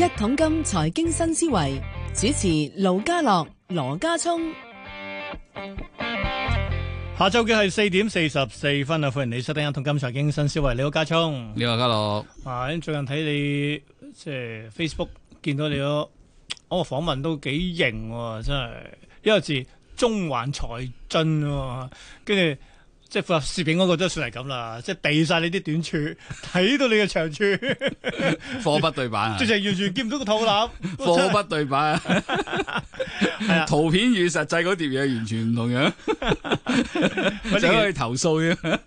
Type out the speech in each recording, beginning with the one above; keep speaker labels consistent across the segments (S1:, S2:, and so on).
S1: 一桶金財經新思維，主持盧家樂、羅家聰，
S2: 下晝嘅係四點四十四分啊！歡迎你收聽一桶金財經新思維。你好家聰，你好家樂。啊，最近睇你即係、呃、Facebook 見到你嗰個訪問都幾型喎，真係一個字中環財俊，跟住。即係配合攝影嗰個都算係咁啦，即係避晒你啲短處，睇到你嘅長處。
S1: 貨不對版，啊！即係
S2: 完全見唔到個肚腩。貨不對版，
S1: 啊！係啊，圖片與實際嗰碟嘢完全唔同樣，
S2: 或者可以
S1: 投訴嘅。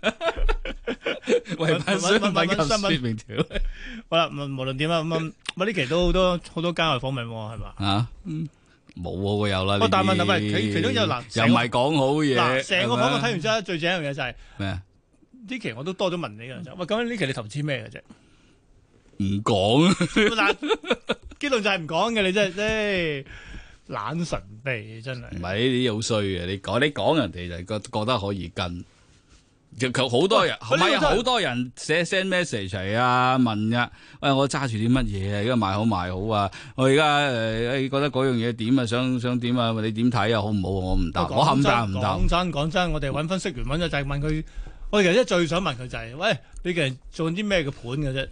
S1: 揾新聞嘅新聞明條。
S2: 好啦，無論點啊，咁啊呢期都好多好多間外訪問喎，係嘛？啊，嗯。
S1: 冇喎，有啦。但問題係佢其中有嗱，又唔係講好嘢。嗱嗎，成個訪問睇完之
S2: 後，最正、就是、麼一樣
S1: 嘢就係
S2: 咩？呢期我都多咗問你嘅，就喂咁呢期你投資咩嘅啫？
S1: 唔講
S2: 啦，結論 就係唔講嘅，你真係 真冷神秘，真係。唔係
S1: 呢啲好衰嘅，你講你講人哋就覺覺得可以跟。好多人，唔係，好多人寫 send message 嚟啊，問呀，喂，我揸住啲乜嘢啊？而家買好賣好啊！我而家誒，覺得嗰樣嘢點啊？想想點啊？你點睇啊？好唔好啊？我唔答，我冚蛋唔答。講
S2: 真，講真，我哋搵分析員揾就係問佢，我其實一最想問佢就係，喂，你其實做啲咩嘅盤嘅啫？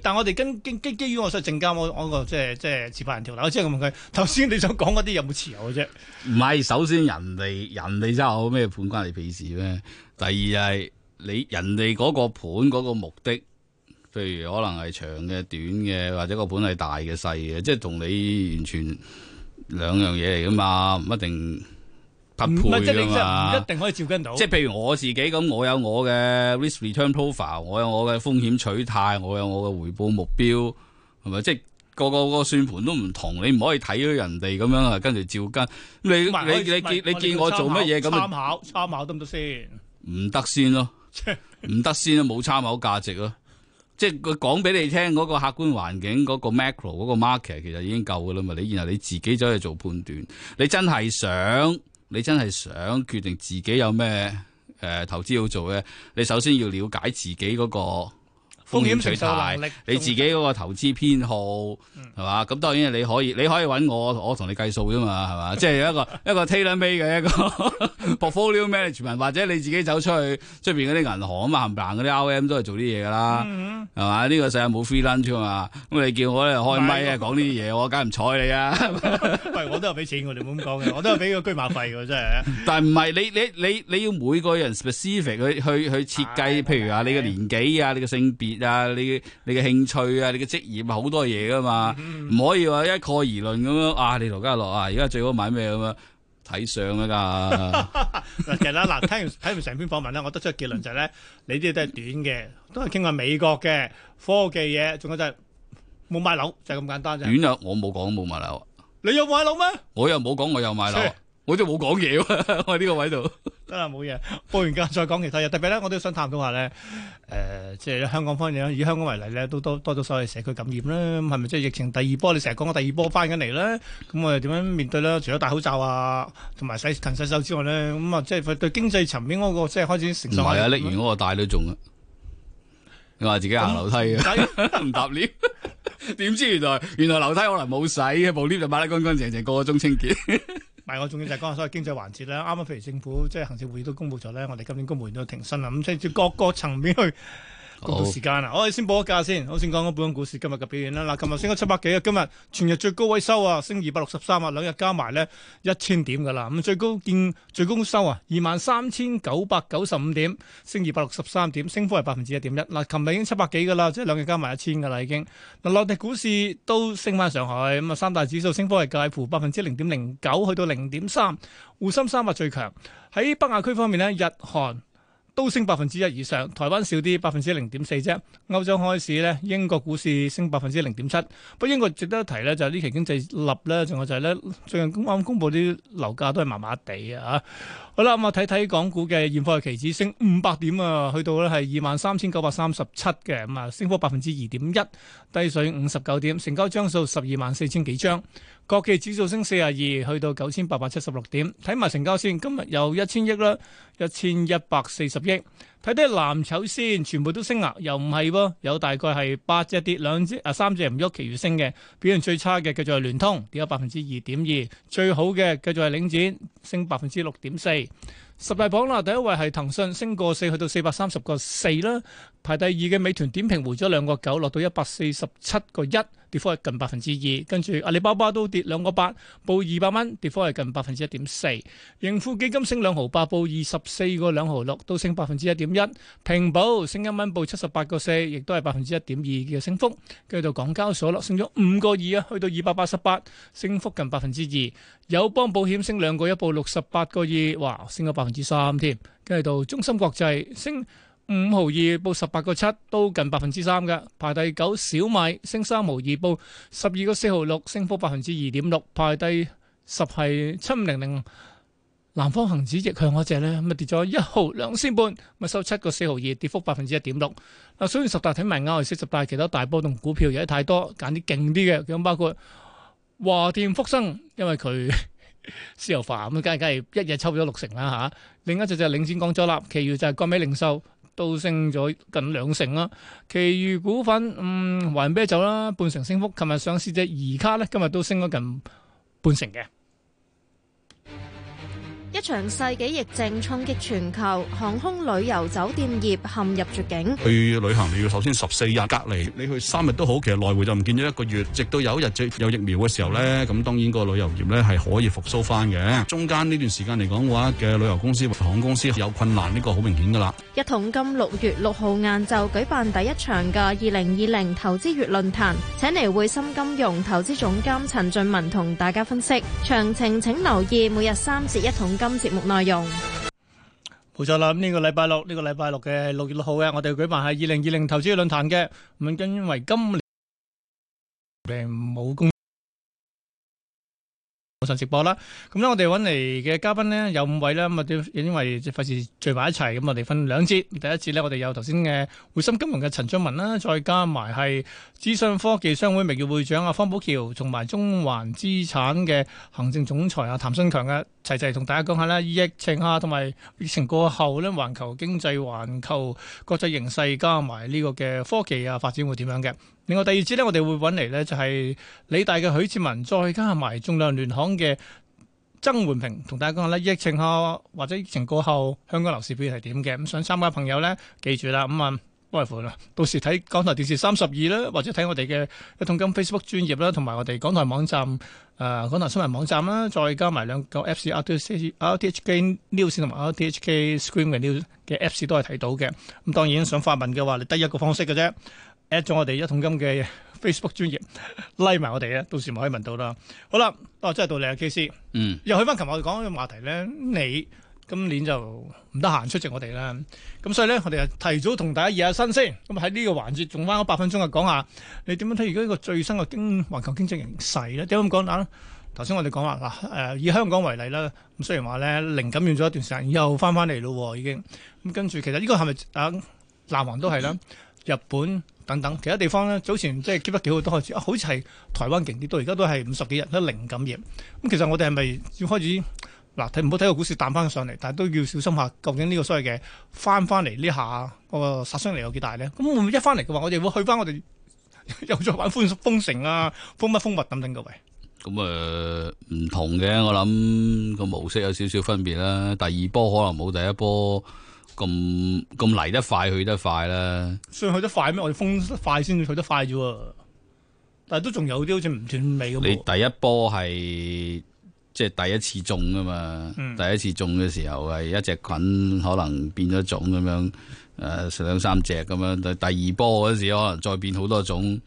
S2: 但係我哋根基基基於我所正監我我個即係即係持法人調頭，我先係咁問佢。頭先你想講嗰啲有冇持有嘅啫？唔係，首
S1: 先人哋人哋之後咩盤關你屁事咩？第二係、就是、你人哋嗰個盤嗰個目的，譬如可能係長嘅、短嘅，或者個盤係大嘅、細嘅，即係同你完全兩樣嘢嚟㗎嘛，唔一定。唔，唔即你唔一定可以照跟到，即係譬如我自己咁，我有我嘅 risk-return profile，我有我嘅風險取態，我有我嘅回報目標，係咪？即係個個個算盤都唔同，你唔可以睇咗人哋咁樣啊，跟住照跟。你不你你見不我你見我做乜嘢咁啊？參
S2: 考參考得唔得先？
S1: 唔得 先咯，唔得先咯，冇參考價值咯。即係佢講俾你聽嗰、那個客觀環境嗰、那個 macro 嗰個 market 其實已經夠嘅啦嘛。你然後你自己走去做判斷，你真係想。你真係想決定自己有咩誒投資要做呢？你首先要了解自己嗰個風險取態，的你自己嗰個投資偏好係嘛？咁、嗯、當然你可以，你可以搵我，我同你計數啫嘛，係嘛？即、就、係、是、一個 一個 tailor-made 嘅一個 portfolio management 或者你自己走出去出邊嗰啲銀行啊嘛，冚唪唥嗰啲 RM 都係做啲嘢㗎啦，係嘛、嗯嗯？呢、這個世界冇 free lunch 啊嘛，咁你叫我咧開咪啊講呢啲嘢，我梗係唔睬你啊！ 喂，我都有俾錢，我哋冇咁講嘅，
S2: 我都有俾個居馬費㗎，真係。
S1: 但係唔係你你你你要每個人 specific 去去去設計，譬如話你嘅年紀啊，你嘅性別。啊！你嘅你嘅興趣啊，你嘅職業好、啊、多嘢噶嘛，唔、嗯、可以話一概而論咁樣。啊！你羅家聰啊，而家最好買咩咁樣？睇相啊！噶
S2: 嗱，其實啦，嗱，聽完睇完成篇訪問咧， 我得出個結論就係、是、咧，你啲都係短嘅，都係傾下美國嘅科技嘢，仲有就係冇買樓就係咁簡單啫。短
S1: 啊！我冇講冇買樓。
S2: 你有買樓咩？
S1: 我又冇講，我有買樓。我真係冇講嘢啊！我喺呢個位度
S2: 得啦，冇嘢。播完架再講其他嘢，特別咧，我都想探討下咧。誒、呃，即係香港方面咧，以香港為例咧，都多多咗所謂社區感染啦。咁係咪即係疫情第二波？你成日講緊第二波翻緊嚟咧。咁我哋點樣面對咧？除咗戴口罩啊，同埋洗勤洗手之外咧，咁啊、那個，即係對經濟層面嗰個即係開始承受。唔係啊！拎
S1: 完嗰個帶都仲啊！你話、嗯、自己行樓梯啊？唔、嗯、 搭 lift 點知原來原來樓梯可能冇洗，部 lift 就抹得乾乾淨淨，個個鐘清潔。
S2: 係，但我重要就係講下所有經濟環節啦。啱啱譬如政府即係行政會議都公布咗咧，我哋今年公務員都停薪啦。咁即係各個層面去。估到時間啦，我哋先報一價先。我先講講本港股市今日嘅表現啦。嗱，琴日升咗七百幾啊，今日全日最高位收啊，升二百六十三啊，兩日加埋咧一千點噶啦。咁最高見最高收啊，二萬三千九百九十五點，升二百六十三點，升幅係百分之一點一。嗱，琴日已經七百幾噶啦，即係兩日加埋一千噶啦已經。嗱，內地股市都升翻上去咁啊，三大指數升幅係介乎百分之零點零九去到零點三，滬深三百最強。喺北亞區方面呢，日韓。都升百分之一以上，台灣少啲，百分之零點四啫。歐洲開市呢，英國股市升百分之零點七。不過英國值得一提呢，就係呢期經濟立呢。仲有就係呢，最近啱啱公布啲樓價都係麻麻地啊。好啦，咁啊睇睇港股嘅現貨期指升五百點啊，去到呢係二萬三千九百三十七嘅，咁、嗯、啊升幅百分之二點一，低水五十九點，成交張數十二萬四千幾張。國企指數升四十二，去到九千八百七十六點。睇埋成交先，今日有一千億啦，一千一百四十億。1, 睇睇藍籌先，全部都升啊！又唔係喎，有大概係八隻跌只，兩隻啊三隻唔喐，其餘升嘅表現最差嘅繼續係聯通，跌咗百分之二點二。最好嘅繼續係領展，升百分之六點四。十大榜啦，第一位係騰訊，升個四去到四百三十個四啦。排第二嘅美團點評回咗兩個九，落到一百四十七個一，跌幅係近百分之二。跟住阿里巴巴都跌兩個八，報二百蚊，跌幅係近百分之一點四。盈富基金升兩毫八，報二十四個兩毫六，都升百分之一點。一平保升一蚊，報七十八個四，亦都係百分之一點二嘅升幅。跟住到港交所咯，升咗五個二啊，去到二百八十八，升幅近百分之二。友邦保險升兩個一，報六十八個二，哇，升咗百分之三添。跟住到中芯國際升五毫二，報十八個七，都近百分之三㗎。排第九小米升三毫二，報十二個四毫六，升幅百分之二點六。排第十係七五零零。南方恆指逆向嗰隻咧，咪跌咗一毫兩仙半，咪收七個四毫二，跌幅百分之一點六。嗱，所以十大睇埋啱，四十大其他大波動股票有得太多，揀啲勁啲嘅，咁包括華電福生，因為佢私有化，咁梗係梗係一日抽咗六成啦嚇。另一隻就係領展廣州啦，其餘就係國美零售都升咗近兩成啦。其餘股份，嗯，華潤啤酒啦，半成升幅。琴日上市隻怡卡咧，今日都升咗近半成嘅。
S1: 一場世紀疫症衝擊全球，航空旅遊酒店業陷入絕境。去旅行你要首先十四日隔離，你去三日都好，其實來回就唔見咗一個月。直到有一日即有疫苗嘅時候呢。咁當然個旅遊業呢係可以復甦翻嘅。中間呢段時間嚟講嘅話，嘅旅遊公司或航空公司有困難呢個好明顯噶啦。一桶金六月六號晏晝舉辦第一場嘅二零二零投資月論壇，請嚟匯深金融投資總監陳俊文同大家分析詳情，請留意每日三節一
S2: 桶。今節目內容冇錯啦。咁呢個禮拜六，呢個禮拜六嘅六月六號嘅，我哋要舉辦係二零二零投資論壇嘅。咁因為今年冇工冇上直播啦。咁咧，我哋揾嚟嘅嘉賓咧有五位啦。咁啊，因為費事聚埋一齊，咁我哋分兩節。第一節咧，我哋有頭先嘅匯豐金融嘅陳俊文啦，再加埋係資訊科技商會名譽會長阿方保僑，同埋中環資產嘅行政總裁阿譚新強嘅。齊齊同大家講下咧，疫情啊，同埋疫情過後咧，環球經濟、環球國際形勢，加埋呢個嘅科技啊發展會點樣嘅？另外第二節咧，我哋會揾嚟咧就係理大嘅許志文，再加埋仲量聯行嘅曾煥平，同大家講下咧，疫情下或者疫情過後，香港樓市表現係點嘅？咁想參加朋友咧，記住啦，咁啊。都啦，到時睇港台電視三十二啦，或者睇我哋嘅一桶金 Facebook 專頁啦，同埋我哋港台網站、呃，港台新聞網站啦，再加埋兩個 Apps，RTHK News 同埋 RTHK Screen 嘅 Apps 都係睇到嘅。咁當然想發問嘅話，你得一個方式嘅啫，at 咗我哋一桶金嘅 Facebook 專頁 ，like 埋我哋到時咪可以問到啦。好啦，哦、啊，真係到你啊，KC，嗯，又去翻琴日我哋講嘅話題咧，你。今年就唔得閒出席我哋啦，咁所以呢，我哋提早同大家熱下身先。咁喺呢個環節，仲翻嗰八分鐘啊，講下你點樣睇而家呢個最新嘅經環球經濟形勢咧？點解咁講啊？頭先我哋講話嗱，誒以香港為例啦。咁雖然話呢，零感染咗一段時間，以後翻翻嚟咯，已經。咁跟住，其實呢個係咪啊？南韓都係啦，日本等等其他地方呢，早前即係 keep 得幾好都開始，啊、好似係台灣勁啲，到而家都係五十幾日都零感染。咁、嗯、其實我哋係咪要開始？嗱，睇唔好睇個股市彈翻上嚟，但係都要小心一下，究竟呢個所謂嘅翻翻嚟呢下個殺傷力有幾大咧？咁會唔會一翻嚟嘅話，我哋會去翻我哋又再玩封封城啊、封乜封物等等，各位、
S1: 嗯。咁、呃、誒，唔同嘅，我諗個模式有少少分別啦。第二波可能冇第一波咁咁嚟得快去得快啦。
S2: 所以去得快咩？我哋封得快先去得快啫。但係都仲有啲好似唔斷尾咁。你
S1: 第一波係？即係第一次種啊嘛，嗯、第一次種嘅時候係一隻菌可能變咗種咁樣，食、呃、兩三隻咁樣。第二波嗰時可能再變好多種，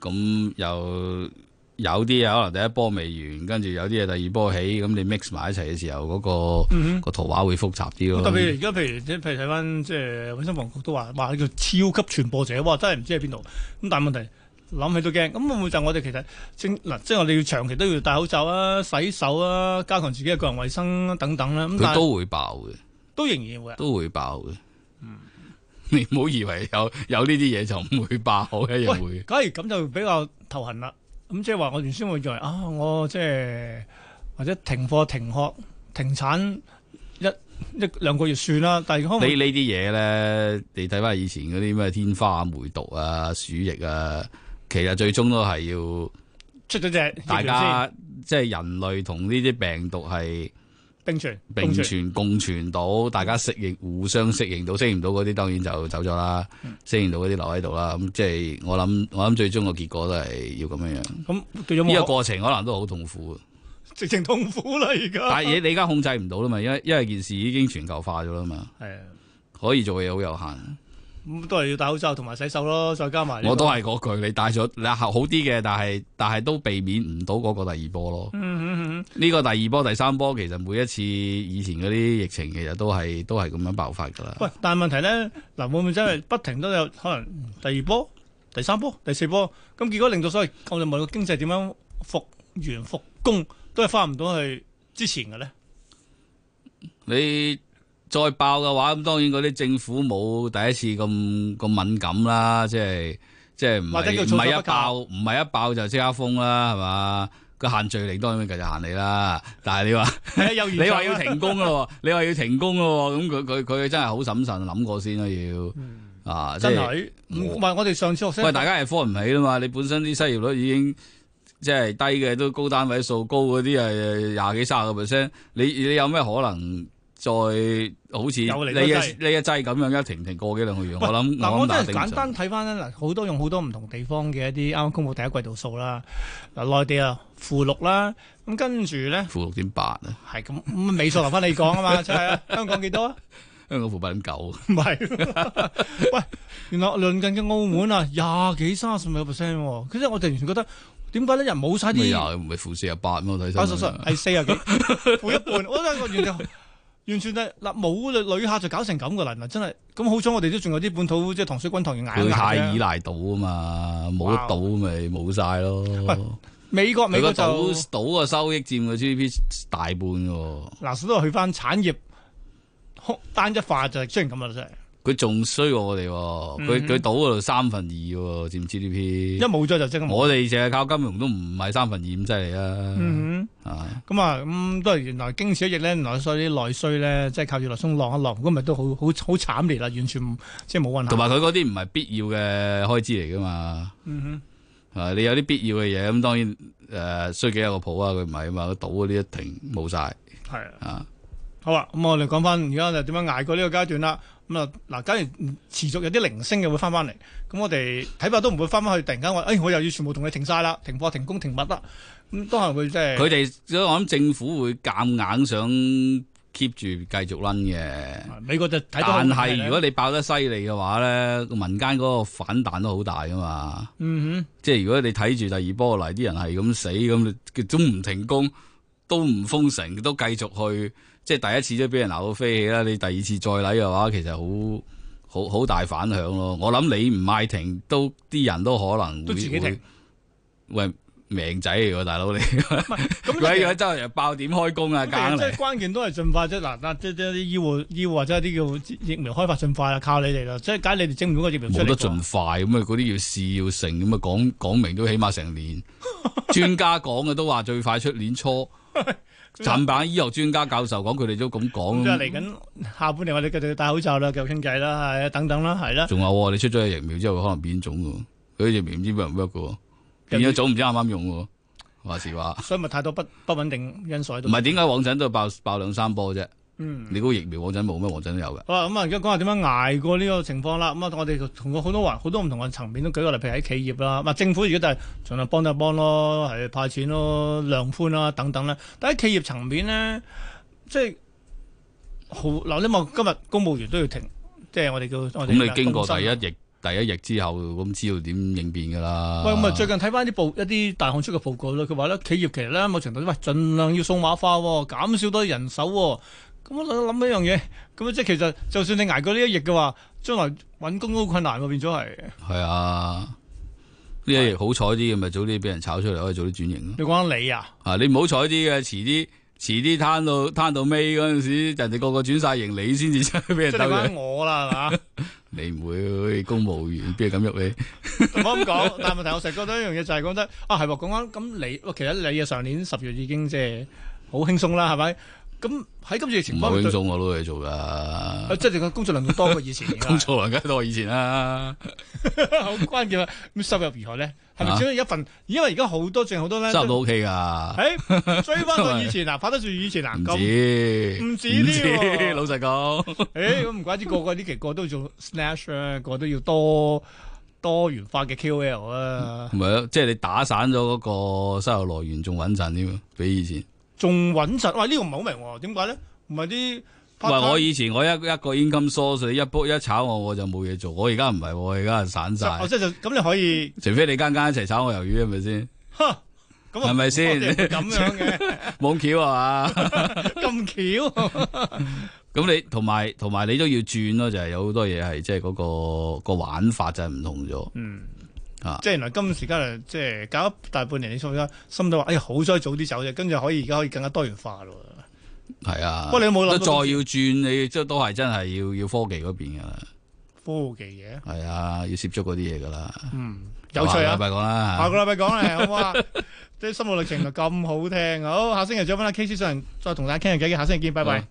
S1: 咁又有啲嘢可能第一波未完，跟住有啲嘢第二波起，咁你 mix 埋一齊嘅時候，嗰、嗰個、嗯、哼個圖畫會複雜啲咯。嗯、哼特別而
S2: 家，譬如譬如睇返，即係衞生防局都話話佢叫超級傳播者，哇！真係唔知喺邊度。咁但係問題。諗起都驚，咁會唔會就我哋其實，嗱，即係我哋要長期都要戴口罩啊、洗手啊、加強自己嘅個人衛生、啊、等等啦、啊。佢都
S1: 會爆嘅，
S2: 都仍然會，都
S1: 會爆嘅。嗯，你唔好以為有有呢啲嘢，就唔會爆嘅，一樣喂會。假
S2: 如梗係咁就比較頭痕啦。咁即係話，我原先會認為以為啊，我即係或者停課、停學、停產一一兩個月算啦。但係你呢
S1: 呢啲嘢咧，你睇翻以前嗰啲咩天花、梅毒啊、鼠疫啊。其實最終都係要
S2: 出咗只大家，
S1: 即係人類同呢啲病毒係並存並存共存，共存到，大家適應互相適應到適應唔到嗰啲，那些當然就走咗啦。適應、嗯、到嗰啲留喺度啦。咁、嗯、即係我諗，我諗最終個結果都係要咁樣樣。咁呢、嗯、個過程可能都好痛苦，
S2: 直情痛苦啦。而家但係嘢
S1: 你而家控制唔到啦嘛，因為因為這件事已經全球化咗啦嘛。係啊、嗯，可以做嘅嘢好有限。
S2: 咁都係要戴口罩同埋洗手咯，再加埋、這個、我都係
S1: 嗰句，你戴咗你係好啲嘅，但係但係都避免唔到嗰個第二波咯。嗯
S2: 嗯嗯，
S1: 呢個第二波、第三波，其實每一次以前嗰啲疫情，其實都係都係咁樣爆發噶啦。
S2: 喂，但係問題咧，嗱會唔會真係不停都有可能第二波、第三波、第四波？咁結果令到所謂我哋問個經濟點樣復原復工都係翻唔到去之前嘅咧？
S1: 你？再爆嘅話，咁當然嗰啲政府冇第一次咁咁敏感啦，即係即係唔係一爆唔係一爆就即刻封啦，係嘛？個限聚令當然繼續行嚟啦。但係你話你話要停工咯，你話要停工咯，咁佢佢佢真係好審慎諗過先啦，要啊！真係唔唔係我哋上次學聲喂，大家係科唔起啦嘛。你本身啲失業率已經即係低嘅都高單位數高嗰啲係廿幾卅個 percent，你你有咩可能？再好似你嘅你嘅制咁樣一停停過幾兩個月。我諗嗱，我都係簡單
S2: 睇翻啦。嗱，好多用好多唔同地方嘅一啲啱啱公布第一季度數啦。嗱，內地啊，負六啦。咁跟住咧，負六點八啊。係咁，尾數留翻你講啊嘛，就係啊。香港幾多？香港負八點九。唔係。喂，原來鄰近嘅澳門啊，廿幾三十萬個 percent 喎。其實我突然覺得點解咧人冇晒啲？廿
S1: 唔係負四十八麼？睇數。
S2: 係四啊幾？負一半。我真係完全。完全係，嗱，冇旅客就搞成咁噶啦，真係。咁好彩我哋都仲有啲本土，即係糖水君同人眼佢太依賴
S1: 賭啊嘛，冇咗賭咪冇晒咯。
S2: 美國美國，就
S1: 賭嘅收益佔個 GDP 大半嘅。
S2: 嗱、所以，都去翻產業單一化就係雖然咁啊，真係。
S1: 佢仲衰過我哋，佢佢賭嗰度三分二喎，佔 GDP。一冇咗就即我哋淨係靠金融都唔係三分二咁犀利啊！
S2: 咁啊、嗯哼，咁都係原來經濟一日咧，原來所有啲內需咧，即係靠住內鬆落一落，咁咪都好好好慘烈啦，完全即係冇運。同埋佢嗰
S1: 啲唔係必要嘅開支嚟噶嘛？
S2: 嗯、
S1: 哼啊，你有啲必要嘅嘢咁，當然誒，衰、呃、幾有個譜啊，佢唔係嘛，佢賭嗰啲一停冇晒。
S2: 啊。的好啦，咁我哋講翻而家就點樣捱過呢個階段啦。咁啊嗱，假如持續有啲零星嘅會翻翻嚟，咁我哋睇怕都唔會翻翻去。突然間話誒，我又要全部同你停晒啦，停課、停工、停物啦。咁都係會即係佢哋，
S1: 所以我諗政府會夾硬,硬想 keep 住繼續 run 嘅。
S2: 美國就睇到，但係如果你
S1: 爆得犀利嘅話咧，民間嗰個反彈都好大噶嘛。嗯哼，嗯哼即係如果你睇住第二波嚟，啲人係咁死咁，佢總唔停工都唔封城，都繼續去。即係第一次都俾人鬧到飛起啦！你第二次再嚟嘅話，其實好好好大反響咯。我諗你唔賣停，都啲人都可能會喂命仔嚟喎，大佬是 你。咁你喺周日爆點開工啊！梗係你，即係然、就是、
S2: 關鍵都係盡快啫。嗱嗱，即即啲醫護醫護或者啲叫疫苗開發盡快啊，靠你哋啦！即係解你哋整唔到個疫苗，做得盡
S1: 快咁啊！嗰啲要試要成咁啊，講講明都起碼成年。 專家講嘅都話最快出年初。 產板醫學專家教授講，佢哋都咁講，即係嚟緊
S2: 下半年我哋繼續戴口罩啦，繼續傾偈啦，係啊，等等啦，啊，係啦，啊。仲有，
S1: 你出咗疫苗之後，可能變種嘅，佢疫苗唔知乜人 make 變咗種唔知啱啱用喎，話時話。
S2: 所以咪太多不不穩定因素喺度。唔係
S1: 點解往陣都爆爆兩三波啫？嗯，你嗰個疫苗嗰陣冇咩？嗰陣都有嘅。
S2: 好啊，咁啊，而家講下點樣捱過呢個情況啦。咁啊，我哋同個好多環好多唔同嘅層面都舉個例，譬如喺企業啦，唔係政府而家就係盡量幫就幫咯，係派錢咯、量寬啦等等啦。但喺企業層面咧，即係好嗱，你望今日公務員都要停，即係我哋叫咁。你經過第一，第一
S1: 役，第一役之後，咁知道點應變㗎啦。喂，咁啊，最
S2: 近睇翻啲報一啲大行出嘅報告啦，佢話咧企業其實咧某程度，喂，盡量要數碼化，減少多啲人手。咁我諗諗一樣嘢，咁即係其實就算你挨過呢一役嘅話，將來搵工都困難我變咗係。
S1: 係啊，呢一役好彩啲嘅，咪的早啲俾人炒出嚟，可以早啲轉型咯。你講你啊？啊，你唔好彩啲嘅，遲啲遲啲攤到攤到尾嗰陣
S2: 時，人哋個個轉晒型，你先至俾人炒咗。即係講
S1: 我啦，係嘛？ 你唔會、哎、公務員，邊度敢入你？我
S2: 咁講，但係問題我成日覺得一樣嘢就係講得啊，係喎、啊，講緊咁你，其實你上年十月已經即係好輕鬆啦，係咪？咁喺今次嘅情況，冇影中
S1: 我都去做噶。即係
S2: 個工作量多過以前。工
S1: 作量梗係多過以前啦，
S2: 好關鍵。咁收入如何咧？係咪只係一份？因為而家好多正好多呢。收入都 OK 噶。追翻到以前嗱，拍得住以前嗱。
S1: 唔止，唔止呢？老實
S2: 講。誒，咁唔怪之個個呢期個都做 s n a t c h 啊，r 個都要多多元化嘅 QL 啊。
S1: 唔係，即係你打散咗嗰個收入來源，仲穩陣添，比以
S2: 前。仲穩實，哇！呢個唔係好明喎，點解咧？唔係啲，唔係我以
S1: 前我一一個 income source 一 b 一炒我我就冇嘢做，我而家唔係喎，而家散晒。即係
S2: 就咁你可以，
S1: 除非你間間一齊炒我魷魚，係咪先？
S2: 係咪先？咁樣嘅，冇、啊、 巧啊嘛，咁 巧、
S1: 啊。咁 你同埋同埋你都要轉咯，就係、是、有好多嘢係即係嗰個個玩法就係唔同咗。嗯。即係、啊、
S2: 原來今時間啊，即、就、係、是、搞大半年，你所以而家心都話，哎呀好彩早啲走啫，跟住可以而家可以更加多元化咯。
S1: 係啊，不過你有有都冇諗再要轉，你即都係真係要要科技嗰邊噶啦。
S2: 科技嘢、啊、係
S1: 啊，要接觸嗰啲嘢噶啦。嗯、有趣啊！下個禮拜講啦，下個禮
S2: 拜講咧好唔好啊？即係 心路歷程就咁好聽。好，下星期再翻阿 K C 上再同大家傾下偈，下星期見，拜拜。